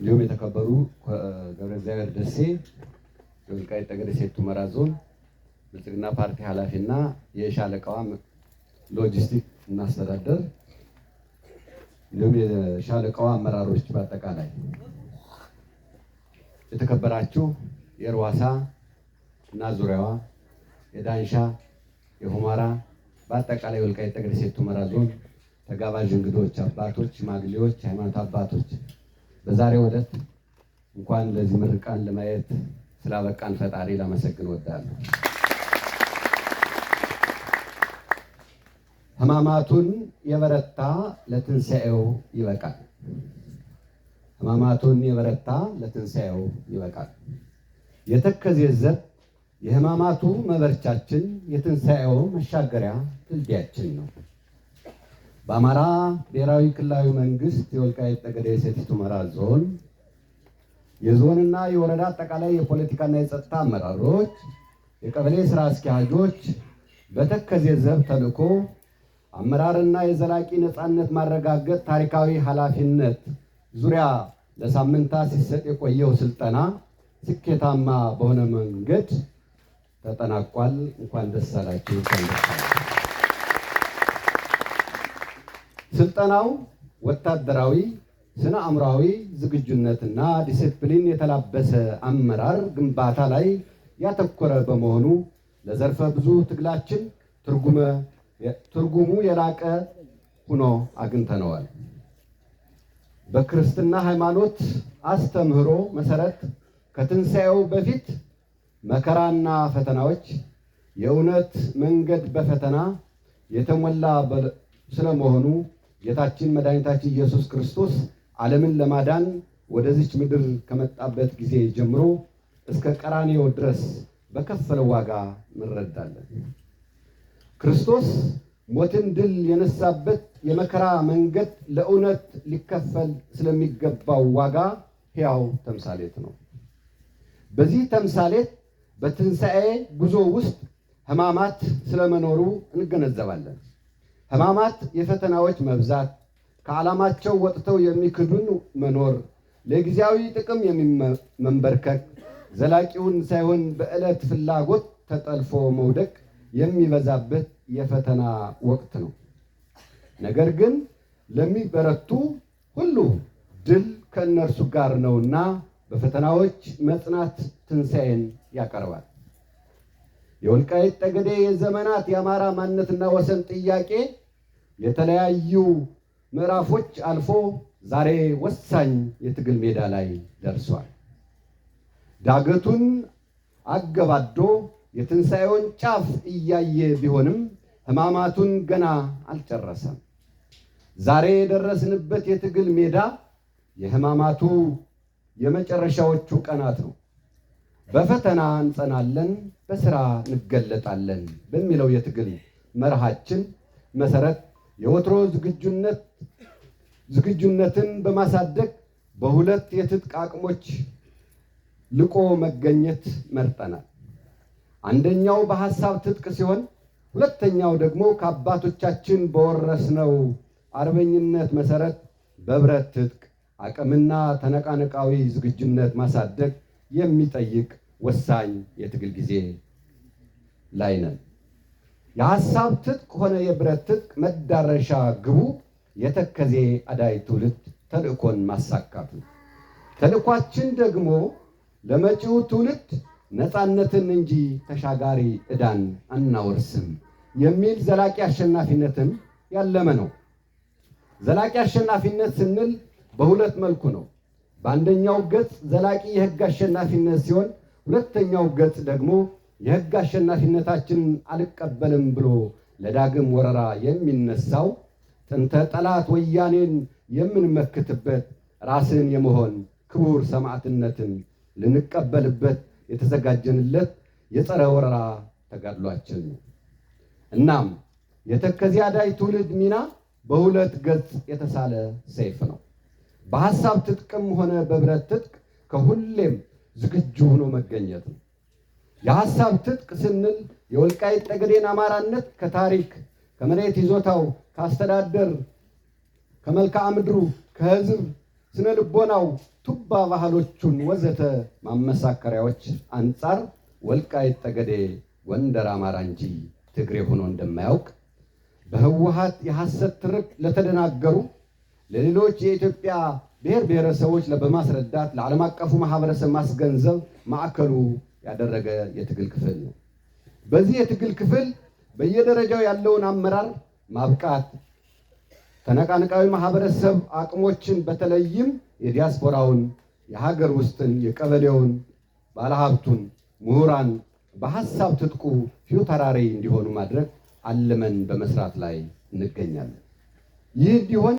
እንዲሁም የተከበሩ ገብረ እግዚአብሔር ደሴ የወልቃይት ጠገዴ ሰቲት ሁመራ ዞን ብልጽግና ፓርቲ ኃላፊና የሻለቃዋ ሎጂስቲክ እናስተዳደር እንዲሁም የሻለቃዋ አመራሮች በአጠቃላይ የተከበራችሁ የርዋሳ እና ዙሪያዋ የዳንሻ የሁመራ በአጠቃላይ የወልቃይት ጠገዴ ሰቲት ሁመራ ዞን ተጋባዥ እንግዶች፣ አባቶች፣ ሽማግሌዎች፣ ሃይማኖት አባቶች በዛሬው ዕለት እንኳን ለዚህ ምርቃን ለማየት ስላበቃን ፈጣሪ ላመሰግን እወዳለሁ። ሕማማቱን የበረታ ለትንሣኤው ይበቃል። ሕማማቱን የበረታ ለትንሣኤው ይበቃል። የተከዜ ዘብ የሕማማቱ መበርቻችን፣ የትንሣኤው መሻገሪያ ድልድያችን ነው። በአማራ ብሔራዊ ክልላዊ መንግስት የወልቃይት ጠገዴ ሰቲት ሁመራ ዞን የዞንና የወረዳ አጠቃላይ የፖለቲካና የጸጥታ አመራሮች፣ የቀበሌ ስራ አስኪያጆች በተከዜ ዘብ ተልዕኮ አመራርና የዘላቂ ነፃነት ማረጋገጥ ታሪካዊ ኃላፊነት ዙሪያ ለሳምንታት ሲሰጥ የቆየው ስልጠና ስኬታማ በሆነ መንገድ ተጠናቋል። እንኳን ደስ አላችሁ። ስልጠናው ወታደራዊ ስነ አእምሯዊ ዝግጁነትና ዲሲፕሊን የተላበሰ አመራር ግንባታ ላይ ያተኮረ በመሆኑ ለዘርፈ ብዙ ትግላችን ትርጉሙ የላቀ ሆኖ አግኝተነዋል። በክርስትና ሃይማኖት አስተምህሮ መሰረት ከትንሣኤው በፊት መከራና ፈተናዎች የእውነት መንገድ በፈተና የተሞላ ስለመሆኑ ጌታችን መድኃኒታችን ኢየሱስ ክርስቶስ ዓለምን ለማዳን ወደዚች ምድር ከመጣበት ጊዜ ጀምሮ እስከ ቀራኔው ድረስ በከፈለው ዋጋ እንረዳለን። ክርስቶስ ሞትን ድል የነሳበት የመከራ መንገድ ለእውነት ሊከፈል ስለሚገባው ዋጋ ሕያው ተምሳሌት ነው። በዚህ ተምሳሌት በትንሣኤ ጉዞ ውስጥ ሕማማት ስለመኖሩ እንገነዘባለን። ሕማማት የፈተናዎች መብዛት፣ ከዓላማቸው ወጥተው የሚክዱን መኖር፣ ለጊዜያዊ ጥቅም የሚመንበርከክ፣ ዘላቂውን ሳይሆን በዕለት ፍላጎት ተጠልፎ መውደቅ የሚበዛበት የፈተና ወቅት ነው። ነገር ግን ለሚበረቱ ሁሉ ድል ከእነርሱ ጋር ነውና በፈተናዎች መጽናት ትንሣኤን ያቀርባል። የወልቃይት ጠገዴ የዘመናት የአማራ ማንነትና ወሰን ጥያቄ የተለያዩ ምዕራፎች አልፎ ዛሬ ወሳኝ የትግል ሜዳ ላይ ደርሷል። ዳገቱን አገባዶ የትንሣኤውን ጫፍ እያየ ቢሆንም ሕማማቱን ገና አልጨረሰም። ዛሬ የደረስንበት የትግል ሜዳ የሕማማቱ የመጨረሻዎቹ ቀናት ነው። በፈተና እንጸናለን፣ በስራ እንገለጣለን በሚለው የትግል መርሃችን መሰረት የወትሮ ዝግጁነት ዝግጁነትን በማሳደግ በሁለት የትጥቅ አቅሞች ልቆ መገኘት መርጠናል። አንደኛው በሐሳብ ትጥቅ ሲሆን ሁለተኛው ደግሞ ከአባቶቻችን በወረስነው አርበኝነት መሰረት በብረት ትጥቅ አቅምና ተነቃነቃዊ ዝግጁነት ማሳደግ የሚጠይቅ ወሳኝ የትግል ጊዜ ላይ ነን። የሀሳብ ትጥቅ ሆነ የብረት ትጥቅ መዳረሻ ግቡ የተከዜ አዳይ ትውልድ ተልእኮን ማሳካት ነው። ተልእኳችን ደግሞ ለመጪው ትውልድ ነፃነትን እንጂ ተሻጋሪ ዕዳን አናወርስም የሚል ዘላቂ አሸናፊነትን ያለመ ነው። ዘላቂ አሸናፊነት ስንል በሁለት መልኩ ነው። በአንደኛው ገጽ ዘላቂ የህግ አሸናፊነት ሲሆን ሁለተኛው ገጽ ደግሞ የህግ አሸናፊነታችንን አልቀበልም ብሎ ለዳግም ወረራ የሚነሳው ጥንተ ጠላት ወያኔን የምንመክትበት ራስን የመሆን ክቡር ሰማዕትነትን ልንቀበልበት የተዘጋጀንለት የጸረ ወረራ ተጋድሏችን ነው። እናም የተከዚያዳይ ትውልድ ሚና በሁለት ገጽ የተሳለ ሰይፍ ነው። በሀሳብ ትጥቅም ሆነ በብረት ትጥቅ ከሁሌም ዝግጁ ሆኖ መገኘት ነው። የሀሳብ ትጥቅ ስንል የወልቃይት ጠገዴን አማራነት ከታሪክ ከመሬት ይዞታው ከአስተዳደር ከመልክዓ ምድሩ ከህዝብ ስነ ልቦናው ቱባ ባህሎቹን ወዘተ ማመሳከሪያዎች አንጻር ወልቃይት ጠገዴ ጎንደር አማራ እንጂ ትግሬ ሆኖ እንደማያውቅ በህወሀት የሐሰት ትርክ ለተደናገሩ ለሌሎች የኢትዮጵያ ብሔር ብሔረሰቦች በማስረዳት ለዓለም አቀፉ ማህበረሰብ ማስገንዘብ ማዕከሉ ያደረገ የትግል ክፍል ነው። በዚህ የትግል ክፍል በየደረጃው ያለውን አመራር ማብቃት፣ ተነቃነቃዊ ማህበረሰብ አቅሞችን በተለይም የዲያስፖራውን፣ የሀገር ውስጥን፣ የቀበሌውን፣ ባለሀብቱን፣ ምሁራን በሀሳብ ትጥቁ ተራሪ እንዲሆኑ ማድረግ አልመን በመስራት ላይ እንገኛለን። ይህ እንዲሆን